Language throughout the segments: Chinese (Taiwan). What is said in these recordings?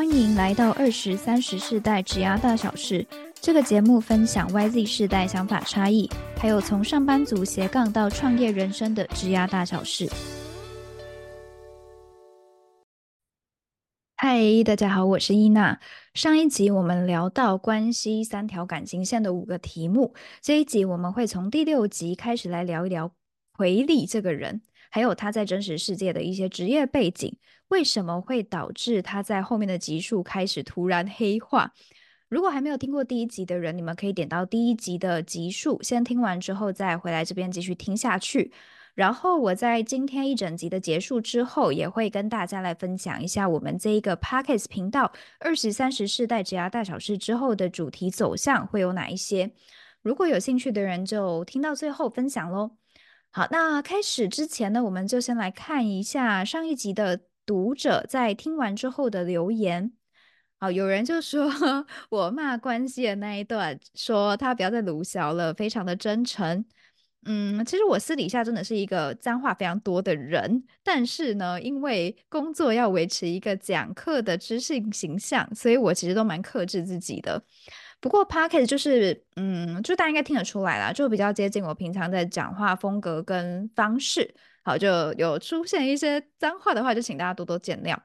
歡迎來到二十三十世代職涯大小室這個節目，分享 YZ 世代想法差異，還有從上班族斜槓到創業人生的職涯大小室。嗨，大家好，我是伊娜。上一集我們聊到關係三條感情線的五個題目，這一集我們會從第六集開始來聊一聊奎利這個人。還有他在真實世界的一些職業背景，為什麼會導致他在後面的集數開始突然黑化？如果還沒有聽過第一集的人，你們可以點到第一集的集數，先聽完之後再回來這邊繼續聽下去。然後我在今天一整集的結束之後，也會跟大家來分享一下我們這一個 Podcast 頻道二十三十世代職涯大小事之後的主題走向會有哪一些？如果有興趣的人，就聽到最後分享嘍。好，那開始之前呢，我們就先來看一下上一集的讀者在聽完之後的留言。好、哦，有人就說我罵關係的那一段，說他不要再魯小了，非常的真誠。嗯，其實我私底下真的是一個髒話非常多的人，但是呢，因為工作要維持一個講課的知性形象，所以我其實都蠻克制自己的。不過 Podcast 就是，嗯，就大家應該聽得出來啦，就比較接近我平常在講話風格跟方式。好，就有出現一些髒話的話，就請大家多多見諒。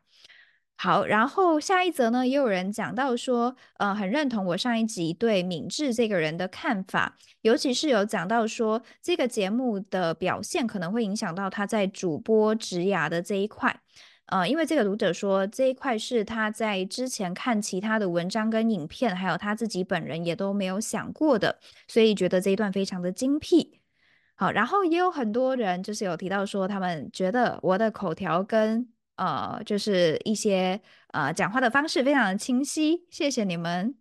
好，然後下一則呢，也有人講到說，呃，很認同我上一集對敏智這個人的看法，尤其是有講到說，這個節目的表現可能會影響到他在主播職涯的這一塊。呃，因為這個讀者說這一塊是他在之前看其他的文章跟影片，還有他自己本人也都沒有想過的，所以覺得這一段非常的精闢。好，然後也有很多人就是有提到說，他們覺得我的口條跟，呃，就是一些呃講話的方式非常的清晰。謝謝你們。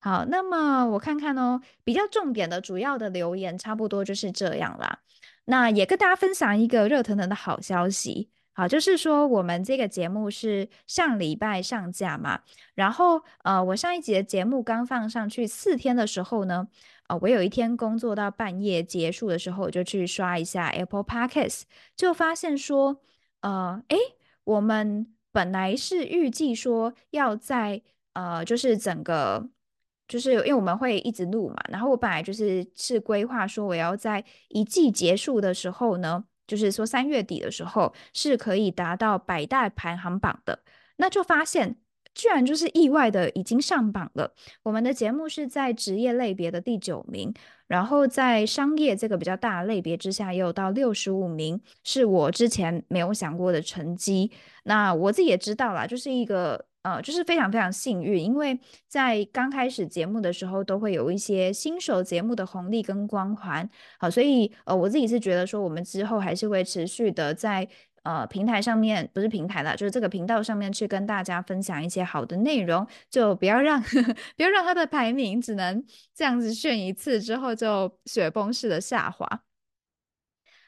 好，那麼我看看哦，比較重點的主要的留言差不多就是這樣啦。那也跟大家分享一個熱騰騰的好消息。好，就是說我們這個節目是上禮拜上架嘛，然後呃，我上一集的節目剛放上去四天的時候呢，呃，我有一天工作到半夜結束的時候，我就去刷一下 Apple Podcasts，就發現說，呃，誒，我們本來是預計說要在呃，就是整個，就是因為我們會一直錄嘛，然後我本來就是是規劃說我要在一季結束的時候呢。就是說，三月底的時候是可以達到百大排行榜的，那就發現居然就是意外的已經上榜了。我們的節目是在職業類別的第九名，然後在商業這個比較大的類別之下，也有到六十五名，是我之前沒有想過的成績。那我自己也知道啦，就是一個。呃，就是非常非常幸運，因為在剛開始節目的時候，都會有一些新手節目的紅利跟光環，好、呃，所以呃，我自己是覺得說，我們之後還是會持續的在呃平台上面，不是平台啦，就是這個頻道上面去跟大家分享一些好的內容，就不要讓 不要讓他的排名只能這樣子炫一次之後就雪崩式的下滑。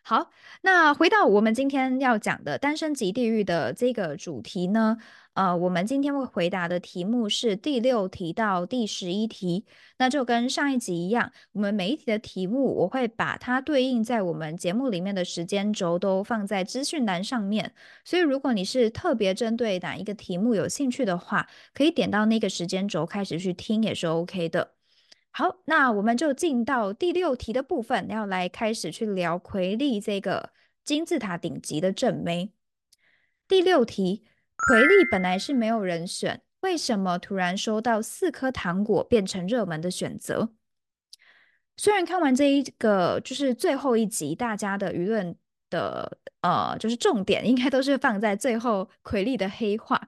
好，那回到我們今天要講的《單身即地獄》的這個主題呢，呃，我們今天會回答的題目是第六題到第十一題，那就跟上一集一樣，我們每一題的題目我會把它對應在我們節目裡面的時間軸都放在資訊欄上面，所以如果你是特別針對哪一個題目有興趣的話，可以點到那個時間軸開始去聽也是 OK 的。好，那我們就進到第六題的部分，要來開始去聊奎利這個金字塔頂級的正妹。第六題，奎利本來是沒有人選，為什麼突然收到四顆糖果，變成熱門的選擇？雖然看完這一個就是最後一集，大家的輿論的呃，就是重點應該都是放在最後奎利的黑化，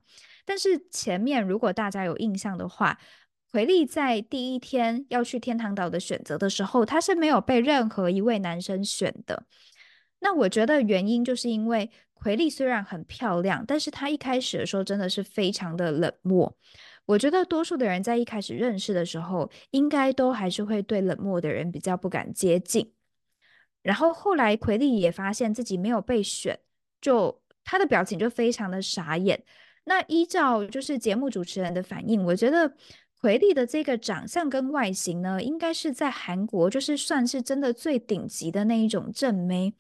但是前面如果大家有印象的話，奎利在第一天要去天堂島的選擇的時候，她是沒有被任何一位男生選的。那我覺得原因就是因為奎利雖然很漂亮，但是她一開始的時候真的是非常的冷漠。我覺得多數的人在一開始認識的時候，應該都還是會對冷漠的人比較不敢接近。然後後來奎利也發現自己沒有被選，就她的表情就非常的傻眼。那依照就是節目主持人的反應，我覺得。奎利的這個長相跟外形呢，應該是在韓國就是算是真的最頂級的那一種正妹。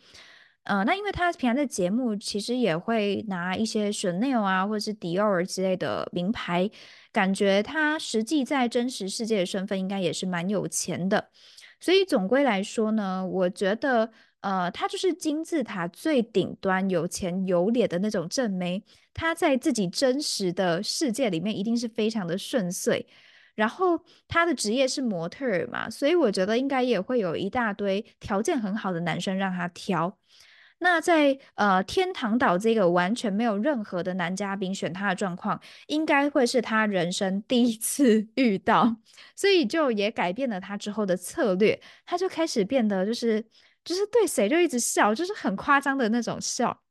呃，那因為他平常的節目其實也會拿一些 Chanel 啊或者是 Dior 之類的名牌，感覺他實際在真實世界的身份應該也是蠻有錢的。所以總歸來說呢，我覺得。呃，他就是金字塔最頂端有錢有臉的那種正妹，他在自己真實的世界裡面一定是非常的順遂。然後他的職業是模特兒嘛，所以我覺得應該也會有一大堆條件很好的男生讓他挑。那在呃，天堂島這個完全沒有任何的男嘉賓選他的狀況，應該會是他人生第一次遇到，所以就也改變了他之後的策略，他就開始變得就是。就是對誰就一直笑，就是很誇張的那種笑。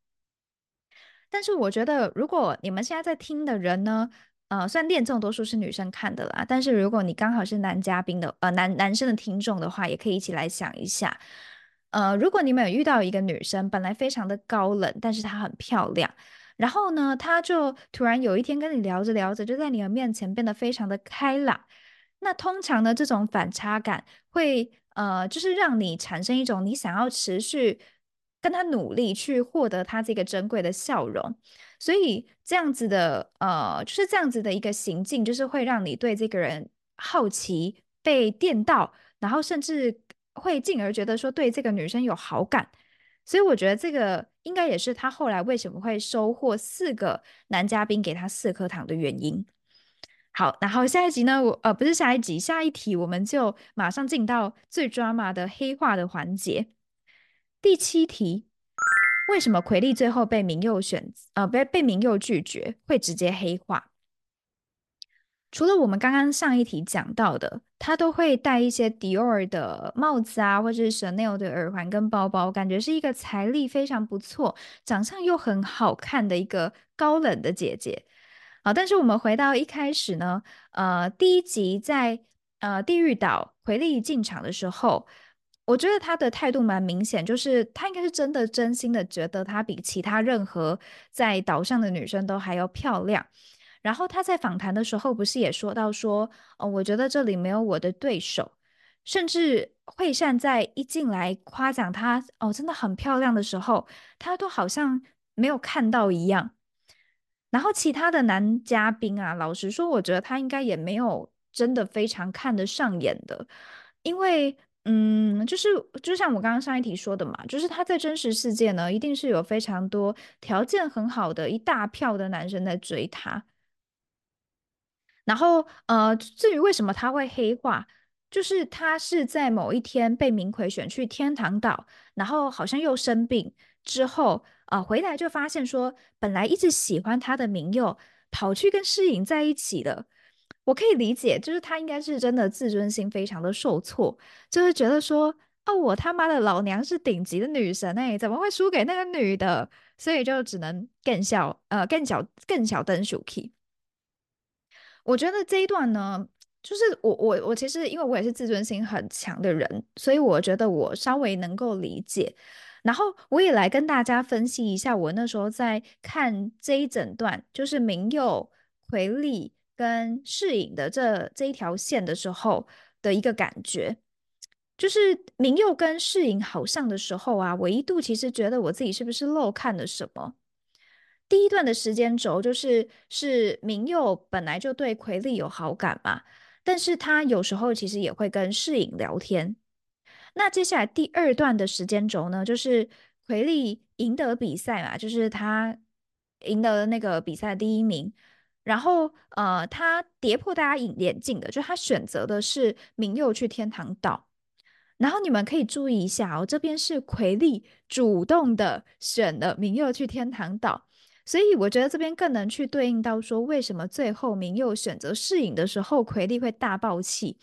但是我覺得，如果你們現在在聽的人呢，呃，雖然聽眾多數是女生看的啦，但是如果你剛好是男嘉賓的，呃，男男生的聽眾的話，也可以一起來想一下。呃，如果你們有遇到一個女生，本來非常的高冷，但是她很漂亮，然後呢，她就突然有一天跟你聊着聊着，就在你的面前變得非常的開朗。那通常呢，這種反差感會。呃，就是讓你產生一種你想要持續跟他努力去獲得他這個珍貴的笑容，所以這樣子的呃，就是這樣子的一個行徑，就是會讓你對這個人好奇、被電到，然後甚至會進而覺得說對這個女生有好感，所以我覺得這個應該也是他後來為什麼會收穫四個男嘉賓給他四顆糖的原因。好，然後下一集呢？我呃不是下一集，下一題我們就馬上進到最 drama 的黑化的環節。第七題，為什麼奎利最後被民又選，呃被被民又拒絕，會直接黑化？除了我們剛剛上一題講到的，她都會戴一些 Dior 的帽子啊，或者是 Chanel 的耳環跟包包，感覺是一個財力非常不錯、長相又很好看的一個高冷的姐姐。好，但是我們回到一開始呢，呃，第一集在呃地獄島奎利進場的時候，我覺得他的態度蠻明顯，就是他應該是真的真心的覺得他比其他任何在島上的女生都還要漂亮。然後他在訪談的時候不是也說到說，哦、呃，我覺得這裡沒有我的對手。甚至惠善在一進來誇獎她哦，真的很漂亮的時候，她都好像沒有看到一樣。然後其他的男嘉賓啊，老實說，我覺得他應該也沒有真的非常看得上眼的，因為，嗯，就是就像我剛剛上一題說的嘛，就是他在真實世界呢，一定是有非常多條件很好的一大票的男生在追他。然後，呃，至於為什麼他會黑化，就是他是在某一天被民奎選去天堂島，然後好像又生病之後。啊、呃，回來就發現說，本來一直喜歡他的民佑跑去跟詩穎在一起了。我可以理解，就是他應該是真的自尊心非常的受挫，就是覺得說，哦，我他媽的老娘是頂級的女神哎，怎麼會輸給那個女的？所以就只能更小，呃，更小，更小的 show key。我覺得這一段呢，就是我我我其實因為我也是自尊心很強的人，所以我覺得我稍微能夠理解。然後我也來跟大家分析一下，我那時候在看這一整段，就是明佑、奎利跟世影的這這一條線的時候的一個感覺，就是明佑跟世影好上的時候啊，我一度其實覺得我自己是不是漏看了什麼。第一段的時間軸就是是明佑本來就對奎利有好感嘛，但是他有時候其實也會跟世影聊天。那接下來第二段的時間軸呢，就是奎利贏得比賽嘛，就是他贏得了那個比賽第一名。然後呃，他跌破大家眼鏡的，就他選擇的是民又去天堂島。然後你們可以注意一下，哦，這邊是奎利主動的選了民又去天堂島，所以我覺得這邊更能去對應到說，為什麼最後民又選擇試影的時候，奎利會大爆氣，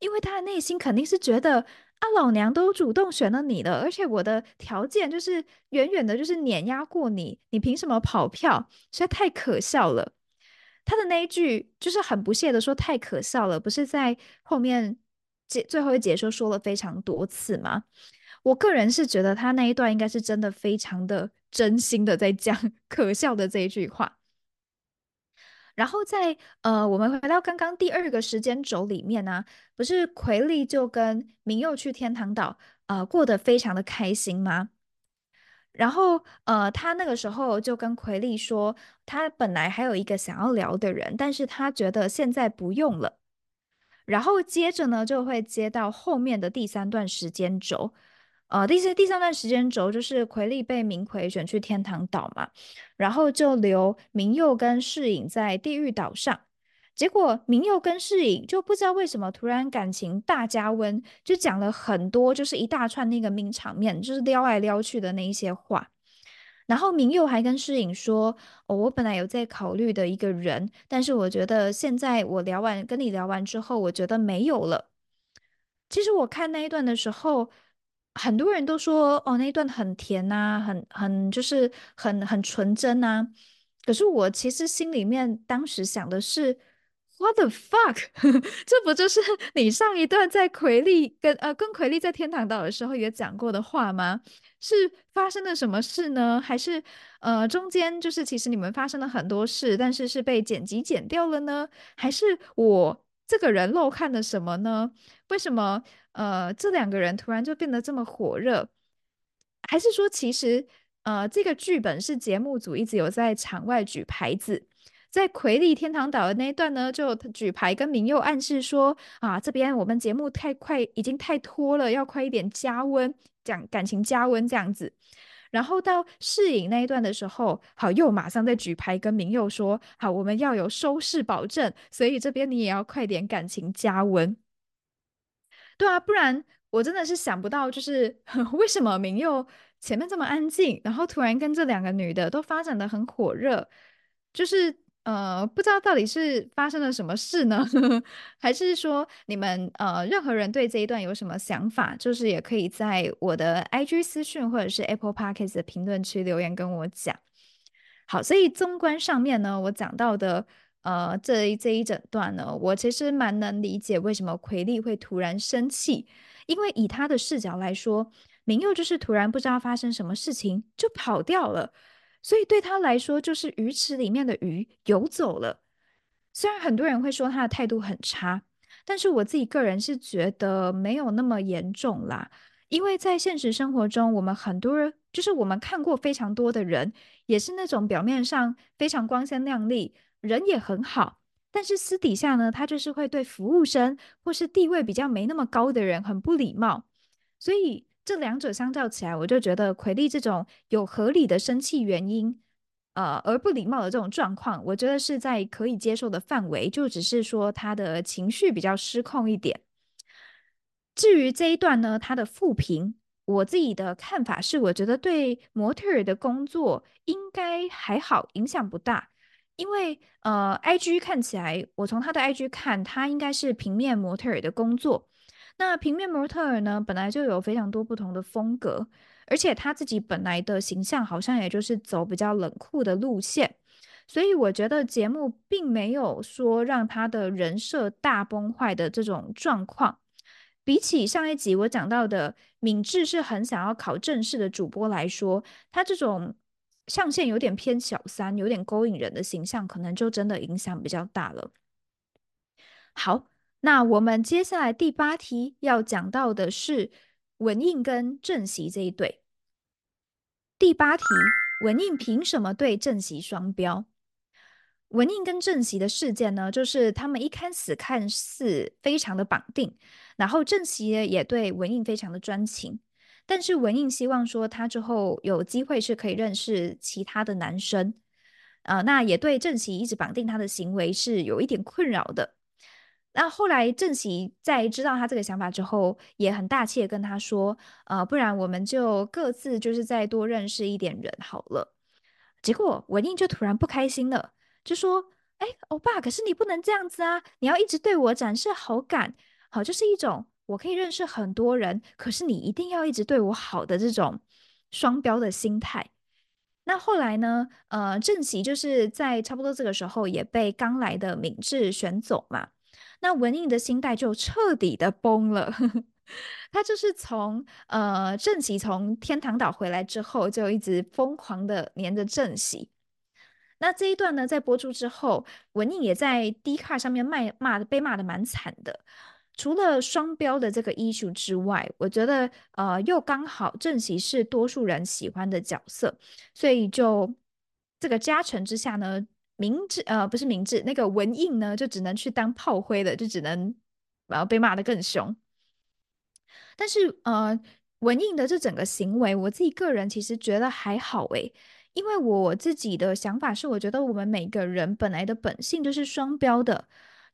因為他的內心肯定是覺得。啊，老娘都主動選了你了，而且我的條件就是遠遠的，就是碾壓過你，你憑什麼跑票？實在太可笑了。他的那一句就是很不屑的說太可笑了，不是在後面解最後一節說說了非常多次嗎？我個人是覺得他那一段應該是真的非常的真心的在講可笑的這一句話。然後在呃，我們回到剛剛第二個時間軸裡面呢、啊，不是奎利就跟民又去天堂島，呃，過得非常的開心嗎？然後呃，他那個時候就跟奎利說，他本來還有一個想要聊的人，但是他覺得現在不用了。然後接着呢，就會接到後面的第三段時間軸。呃，第第三段時間軸就是奎利被民奎選去天堂島嘛，然後就留明佑跟世影在地獄島上。結果明佑跟世影就不知道為什麼突然感情大加溫，就講了很多就是一大串那個名場面，就是撩來撩去的那一些話。然後明佑還跟世影說：“哦，我本來有在考慮的一個人，但是我覺得現在我聊完跟你聊完之後，我覺得沒有了。”其實我看那一段的時候。很多人都說哦，那一段很甜吶，啊，很很就是很很純真吶，啊。可是我其實心裡面當時想的是，what the fuck？ 這不就是你上一段在奎利跟呃跟奎利在天堂島的時候也講過的話嗎？是發生了什麼事呢？還是呃中間就是其實你們發生了很多事，但是是被剪輯剪掉了呢？還是我這個人漏看了什麼呢？為什麼？呃，這兩個人突然就變得這麼火熱，還是說其實呃，這個劇本是節目組一直有在場外舉牌子，在奎利天堂島的那一段呢，就舉牌跟明佑暗示說啊，這邊我們節目太快，已經太拖了，要快一點加溫，講感情加溫這樣子。然後到試影那一段的時候，好，又馬上在舉牌跟明佑說，好，我們要有收視保證，所以這邊你也要快點感情加溫。對啊，不然我真的是想不到，就是呵為什麼民又前面這麼安靜，然後突然跟這兩個女的都發展的很火熱，就是呃，不知道到底是發生了什麼事呢？ 還是說你們呃，任何人對這一段有什麼想法，就是也可以在我的 IG 私訊或者是 Apple Podcast 的評論區留言跟我講。好，所以綜觀上面呢，我講到的。呃，這這一整段呢，我其實蠻能理解為什麼奎利會突然生氣，因為以他的視角來說，民又就是突然不知道發生什麼事情就跑掉了，所以對他來說就是魚池裡面的魚游走了。雖然很多人會說他的態度很差，但是我自己個人是覺得沒有那麼嚴重啦，因為在現實生活中，我們很多人就是我們看過非常多的人，也是那種表面上非常光鮮亮麗。人也很好，但是私底下呢，他就是會對服務生或是地位比較沒那麼高的人很不禮貌。所以這兩者相較起來，我就覺得奎利這種有合理的生氣原因，呃，而不禮貌的這種狀況，我覺得是在可以接受的範圍，就只是說他的情緒比較失控一點。至於這一段呢，他的負評，我自己的看法是，我覺得對模特兒的工作應該還好，影響不大。因為呃，IG 看起來，我從他的 IG 看，他應該是平面模特兒的工作。那平面模特兒呢，本來就有非常多不同的風格，而且他自己本來的形象好像也就是走比較冷酷的路線，所以我覺得節目並沒有說讓他的人設大崩壞的這種狀況。比起上一集我講到的敏智是很想要考正式的主播來說，他這種。象限有點偏小三，有點勾引人的形象，可能就真的影響比較大了。好，那我們接下來第八題要講到的是玟映跟鎮錫這一對。第八題，玟映憑什麼對鎮錫雙標？玟映跟鎮錫的事件呢，就是他們一開始看似非常的綁定，然後鎮錫也對玟映非常的專情。但是玟映希望說，他之後有機會是可以認識其他的男生，呃，那也對鎮錫一直綁定他的行為是有一點困擾的。那後，後來鎮錫在知道他這個想法之後，也很大氣的跟他說，呃，不然我們就各自就是再多認識一點人好了。結果玟映就突然不開心了，就說，哎，歐巴，可是你不能這樣子啊，你要一直對我展示好感，好，就是一種。我可以認識很多人，可是你一定要一直對我好的這種雙標的心態。那後來呢？呃，鎮錫就是在差不多這個時候也被剛來的敏智選走嘛。那玟映的心態就徹底的崩了。 他就是從呃鎮錫從天堂島回來之後，就一直瘋狂的黏着鎮錫。那這一段呢，在播出之後，玟映也在 D 卡上面賣罵的，被罵，罵的蠻慘的。除了雙標的這個 issue 之外，我覺得呃，又剛好鎮錫是多數人喜歡的角色，所以就這個加成之下呢，明智，呃不是明智，那個玟映呢就只能去當炮灰了，就只能我要被罵的更凶。但是呃，玟映的這整個行為，我自己個人其實覺得還好誒，因為我自己的想法是，我覺得我們每個人本來的本性就是雙標的。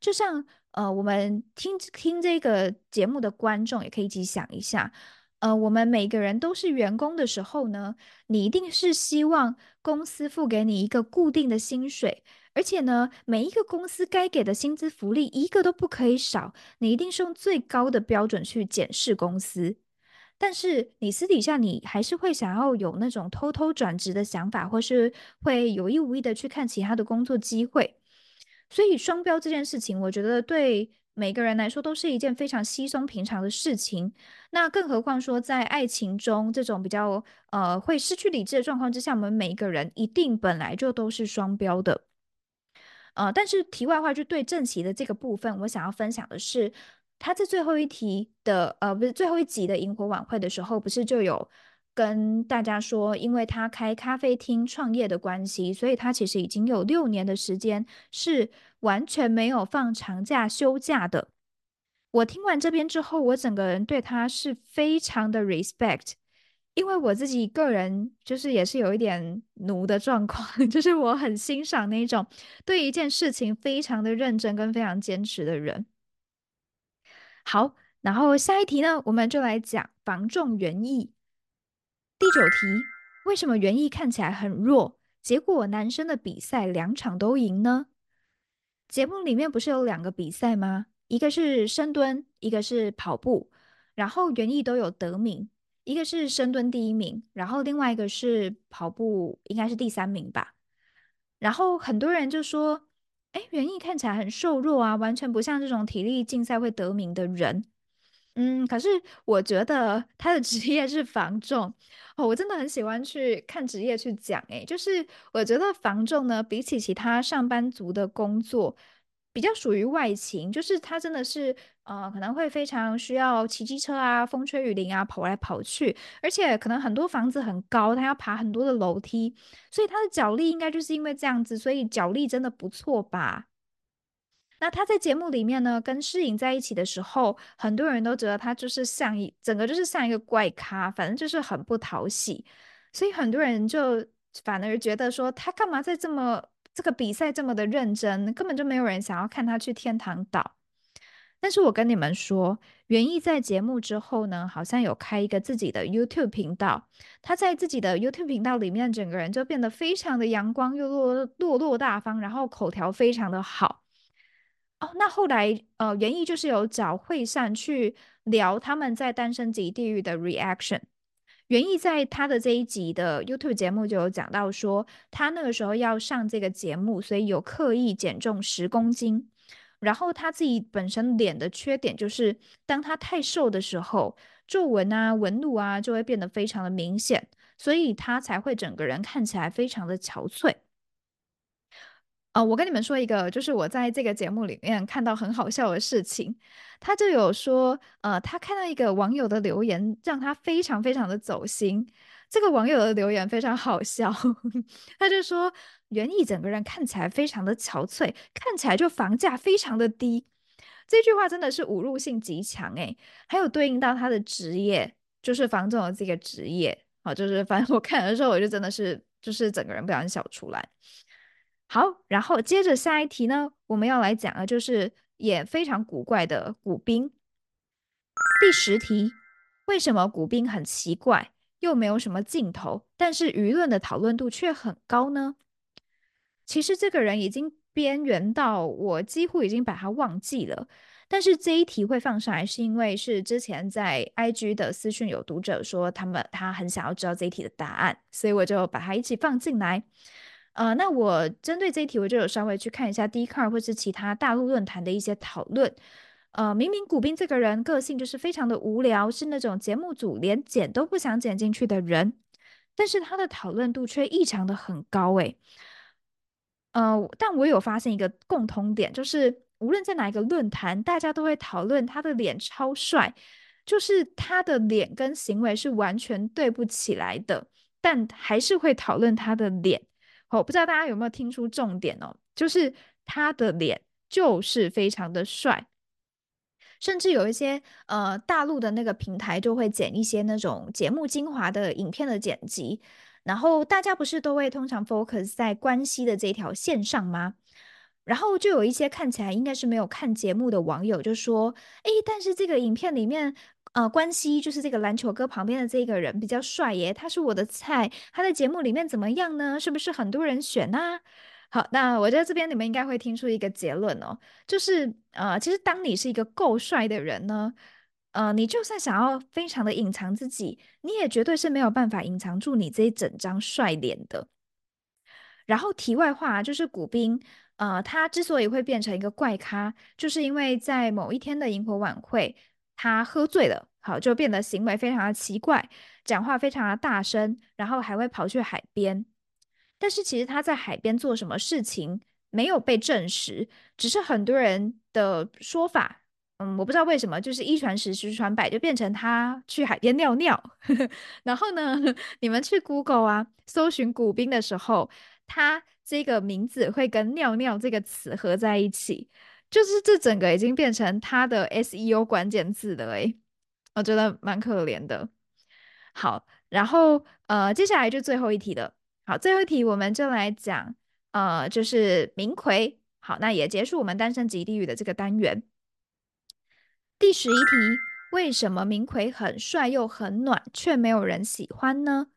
就像呃，我們聽聽這個節目的觀眾也可以一起想一下，呃，我們每個人都是員工的時候呢，你一定是希望公司付給你一個固定的薪水，而且呢，每一個公司該給的薪資福利一個都不可以少，你一定是用最高的標準去檢視公司。但是你私底下你還是會想要有那種偷偷轉職的想法，或是會有意無意的去看其他的工作機會。所以雙標這件事情，我覺得對每個人來說都是一件非常稀鬆平常的事情。那更何況說，在愛情中這種比較呃，會失去理智的狀況之下，我們每一個人一定本來就都是雙標的。呃，但是題外話，就對正題的這個部分，我想要分享的是，他在最後一題的呃，不是最後一集的螢火晚會的時候，不是就有。跟大家說，因為他開咖啡廳創業的關係，所以他其實已經有六年的時間是完全沒有放長假、休假的。我聽完這邊之後，我整個人對他是非常的 respect，因為我自己個人就是也是有一點奴的狀況，就是我很欣賞那種對一件事情非常的認真跟非常堅持的人。好，然後下一題呢，我們就來講防重原意。第九題，為什麼源翊看起來很弱，結果男生的比賽兩場都贏呢？節目裡面不是有兩個比賽嗎？一個是深蹲，一個是跑步，然後源翊都有得名，一個是深蹲第一名，然後另外一個是跑步，應該是第三名吧。然後很多人就說，哎，源翊看起來很瘦弱啊，完全不像這種體力競賽會得名的人。嗯，可是我覺得他的職業是房仲哦，我真的很喜歡去看職業去講誒，就是我覺得房仲呢，比起其他上班族的工作，比較屬於外勤，就是他真的是呃，可能會非常需要騎機車啊，風吹雨淋啊，跑來跑去，而且可能很多房子很高，他要爬很多的樓梯，所以他的腳力應該就是因為這樣子，所以腳力真的不錯吧？那他在節目裡面呢，跟詩穎在一起的時候，很多人都覺得他就是像一整個就是像一個怪咖，反正就是很不討喜，所以很多人就反而覺得說他幹嘛在這麼這個比賽這麼的認真，根本就沒有人想要看他去天堂島。但是我跟你們說，源翊在節目之後呢，好像有開一個自己的 YouTube 頻道，他在自己的 YouTube 頻道裡面，整個人就變得非常的陽光，又落落落大方，然後口條非常的好。哦，那後來，呃，源翊就是有找惠善去聊他們在單身即地獄的 reaction。源翊在他的這一集的 YouTube 節目就有講到說，他那個時候要上這個節目，所以有刻意減重十公斤。然後他自己本身臉的缺點就是，當他太瘦的時候，皺紋啊、紋路啊就會變得非常的明顯，所以他才會整個人看起來非常的憔悴。啊、呃，我跟你們說一個，就是我在這個節目裡面看到很好笑的事情，他就有說，呃，他看到一個網友的留言，讓他非常非常的走心。這個網友的留言非常好笑，呵呵，他就說源翊整個人看起來非常的憔悴，看起來就房價非常的低。這句話真的是侮辱性極強誒、欸。還有對應到他的職業，就是房總的這個職業啊、哦，就是反正我看的時候，我就真的是就是整個人不想笑出來。好，然後接着下一題呢，我們要來講的就是也非常古怪的嘏彬。第十題，為什麼嘏彬很奇怪，又沒有什麼鏡頭，但是輿論的討論度卻很高呢？其實這個人已經邊緣到我幾乎已經把他忘記了，但是這一題會放上來，是因為是之前在 IG 的私訊有讀者說他們他很想要知道這一題的答案，所以我就把它一起放進來。呃，那我針對這一題，我就有稍微去看一下 Dcard 或是其他大陸論壇的一些討論。呃，明明嘏彬這個人個性就是非常的無聊，是那種節目組連剪都不想剪進去的人，但是他的討論度卻異常的很高誒。呃，但我有發現一個共同點，就是無論在哪一個論壇，大家都會討論他的臉超帥，就是他的臉跟行為是完全對不起來的，但還是會討論他的臉。我不知道大家有沒有聽出重點哦，就是他的臉就是非常的帥，甚至有一些呃大陸的那個平台就會剪一些那種節目精華的影片的剪輯，然後大家不是都會通常 focus 在關係的這條線上嗎？然後就有一些看起來應該是沒有看節目的網友就說，哎、欸，但是這個影片裡面。呃，關西就是這個籃球哥旁邊的這一個人比較帥耶，他是我的菜。他在節目裡面怎麼樣呢？是不是很多人選呢、啊？好，那我覺得這邊你們應該會聽出一個結論哦，就是呃，其實當你是一個夠帥的人呢，呃，你就算想要非常的隱藏自己，你也絕對是沒有辦法隱藏住你這一整張帥臉的。然後題外話、啊、就是嘏彬，呃，他之所以會變成一個怪咖，就是因為在某一天的營火晚會。他喝醉了，好，就變得行為非常的奇怪，講話非常的大聲，然後還會跑去海邊。但是其實他在海邊做什麼事情沒有被證實，只是很多人的說法。嗯，我不知道為什麼，就是一傳十，十傳百，就變成他去海邊尿尿。 然後呢，你們去 Google 啊，搜尋嘏彬的時候，他這個名字會跟尿尿這個詞合在一起。就是這整個已經變成他的 SEO 關鍵字了哎，我覺得蠻可憐的。好，然後呃，接下來就最後一題了。好，最後一題我們就來講呃，就是民奎。好，那也結束我們單身即地獄的這個單元。第十一題：為什麼民奎很帥又很暖，卻沒有人喜歡呢？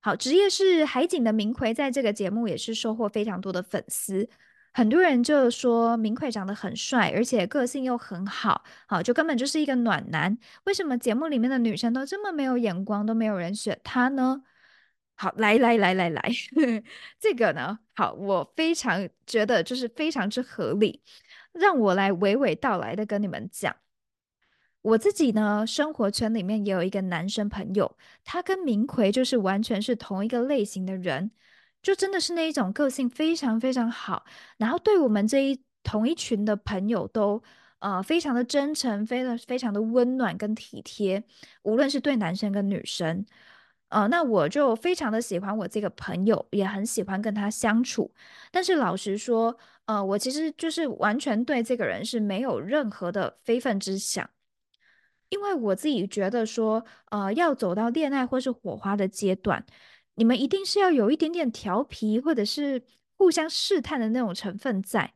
好，職業是海警的民奎，在這個節目也是收穫非常多的粉絲。很多人就說民奎長得很帥，而且個性又很好，好，就根本就是一個暖男。為什麼節目裡面的女生都這麼沒有眼光，都沒有人選他呢？好，來來來來來，來來來 這個呢，好，我非常覺得就是非常之合理。讓我來娓娓道來的跟你們講，我自己呢，生活圈裡面也有一個男生朋友，他跟民奎就是完全是同一個類型的人。就真的是那一種個性非常非常好，然後對我們這一同一群的朋友都呃非常的真誠，非常的非常的溫暖跟體貼，無論是對男生跟女生，呃，那我就非常的喜歡我這個朋友，也很喜歡跟他相處。但是老實說，呃，我其實就是完全對這個人是沒有任何的非分之想，因為我自己覺得說，呃，要走到戀愛或是火花的階段。你們一定是要有一點點調皮，或者是互相試探的那種成分在。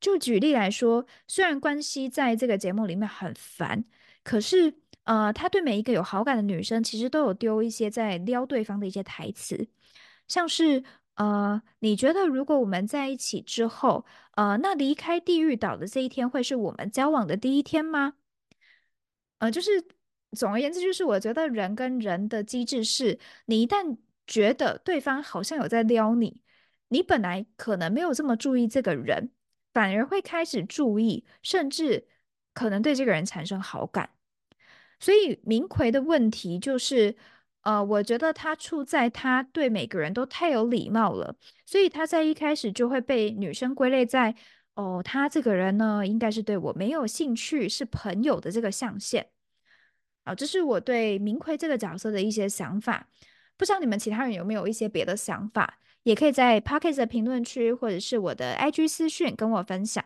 就舉例來說，雖然奎利在這個節目裡面很煩，可是呃，他對每一個有好感的女生，其實都有丟一些在撩對方的一些台詞，像是呃，你覺得如果我們在一起之後，呃，那離開地獄島的這一天，會是我們交往的第一天嗎？呃，就是總而言之，就是我覺得人跟人的機制是，你一旦。覺得對方好像有在撩你，你本來可能沒有這麼注意這個人，反而會開始注意，甚至可能對這個人產生好感。所以民奎的問題就是，呃，我覺得他處在他對每個人都太有禮貌了，所以他在一開始就會被女生歸類在哦，他這個人呢應該是對我沒有興趣，是朋友的這個象限。啊、呃，這是我對民奎這個角色的一些想法。不知道你們其他人有沒有一些別的想法，也可以在 Pocket 的評論區或者是我的 IG 私訊跟我分享。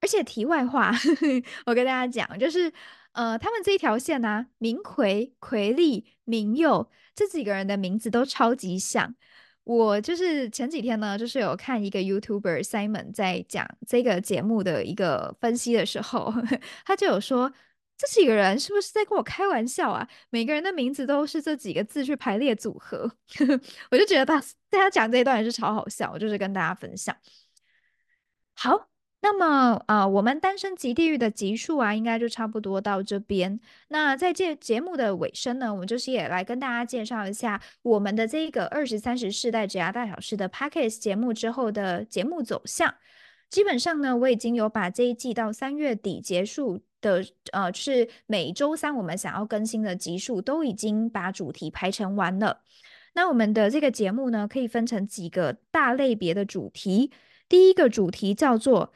而且題外話，呵呵我跟大家講，就是呃，他們這一條線呢、啊，民奎、奎利、民又這幾個人的名字都超級像。我就是前幾天呢，就是有看一個 YouTuber Simon 在講這個節目的一個分析的時候，呵呵他就有說。這幾個人是不是在跟我開玩笑啊？每個人的名字都是這幾個字去排列組合， 我就覺得他大家講這一段也是超好笑，我就是跟大家分享。好，那麼啊、呃，我們單身即地獄的集數啊，應該就差不多到這邊。那在這節目的尾聲呢，我們就是也來跟大家介紹一下我們的這個二十三十世代職涯大小室的 Podcast 節目之後的節目走向。基本上呢，我已經有把這一季到三月底結束的，呃，就是每周三我們想要更新的集數都已經把主題排成完了。那我們的這個節目呢，可以分成幾個大類別的主題。第一個主題叫做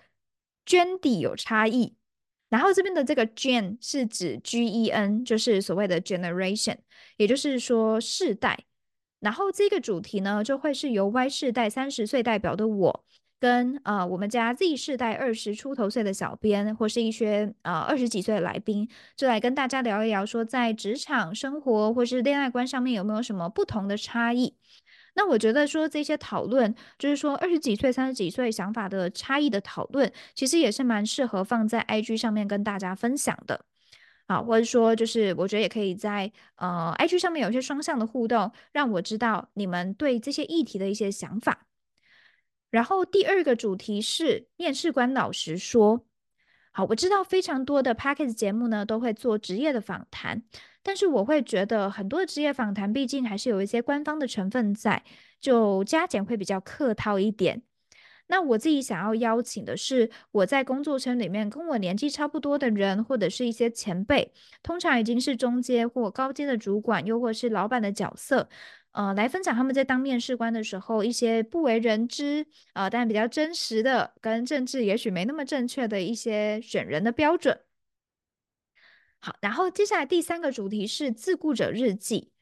“Gen 底有差異”，然後這邊的這個 “Gen” 是指 G E N，就是所謂的 generation，也就是說世代。然後這個主題呢，就會是由 Y 世代三十歲代表的我。跟呃，我們家 Z 世代二十出頭歲的小編，或是一些呃二十幾歲的來賓，就來跟大家聊一聊，說在職場生活或是戀愛觀上面有沒有什麼不同的差異。那我覺得說這些討論，就是說二十幾歲、三十幾歲想法的差異的討論，其實也是蠻適合放在 IG 上面跟大家分享的。好，啊，或者說就是我覺得也可以在呃 IG 上面有一些雙向的互動，讓我知道你們對這些議題的一些想法。然後第二個主題是面試官老實說。好，我知道非常多的 Podcast 節目呢都會做職業的訪談，但是我會覺得很多職業訪談畢竟還是有一些官方的成分在，就加減會比較客套一點。那我自己想要邀請的是我在工作圈裡面跟我年紀差不多的人，或者是一些前輩，通常已經是中階或高階的主管，又或是老闆的角色，呃，來分享他們在當面試官的時候一些不為人知，呃，但比較真實的跟政治也許沒那麽正確的一些選人的標準。好，然後接下來第三個主題是自顧者日記。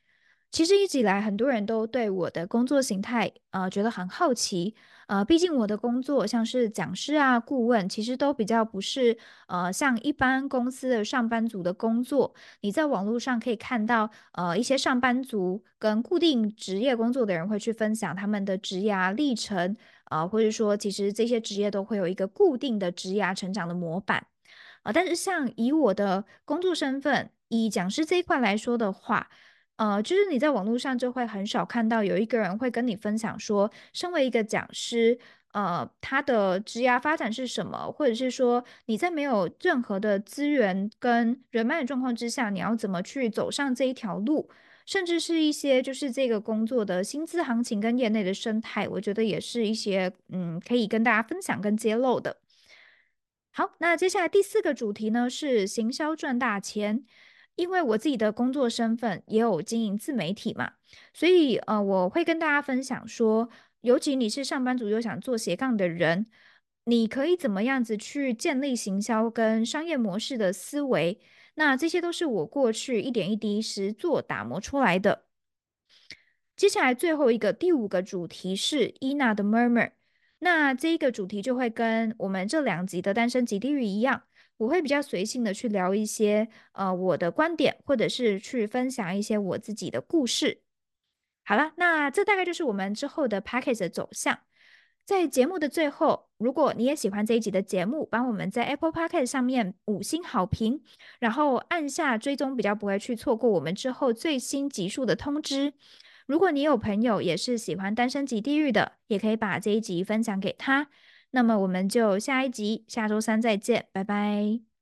其實一直以來，很多人都對我的工作形態，呃，覺得很好奇。呃，畢竟我的工作像是講師啊、顧問，其實都比較不是呃，像一般公司的上班族的工作。你在網絡上可以看到，呃，一些上班族跟固定職業工作的人會去分享他們的職涯歷程，啊、呃，或者說其實這些職業都會有一個固定的職涯成長的模板，啊、呃，但是像以我的工作身份，以講師這一塊來說的話。呃，就是你在網絡上就會很少看到有一個人會跟你分享說，身為一個講師，呃，他的職涯發展是什麼，或者是說你在沒有任何的資源跟人脈的狀況之下，你要怎麼去走上這一條路，甚至是一些就是這個工作的薪資行情跟業內的生態，我覺得也是一些嗯，可以跟大家分享跟揭露的。好，那接下來第四個主題呢是行銷賺大錢。因為我自己的工作身份也有經營自媒體嘛，所以呃，我會跟大家分享說，尤其你是上班族又想做斜槓的人，你可以怎麼樣子去建立行銷跟商業模式的思維？那這些都是我過去一點一滴實做打磨出來的。接下來最後一個第五個主題是 Ina 的 murmur，那這一個主題就會跟我們這兩集的單身即地獄一樣。我會比較隨性的去聊一些，呃，我的觀點，或者是去分享一些我自己的故事。好了，那這大概就是我們之後的 Podcast 的走向。在節目的最後，如果你也喜歡這一集的節目，幫我們在 Apple Podcast 上面五星好評，然後按下追蹤，比較不會去錯過我們之後最新集數的通知。如果你有朋友也是喜歡單身即地獄的，也可以把這一集分享給他。那麼我們就下一集，下週三再見，拜拜。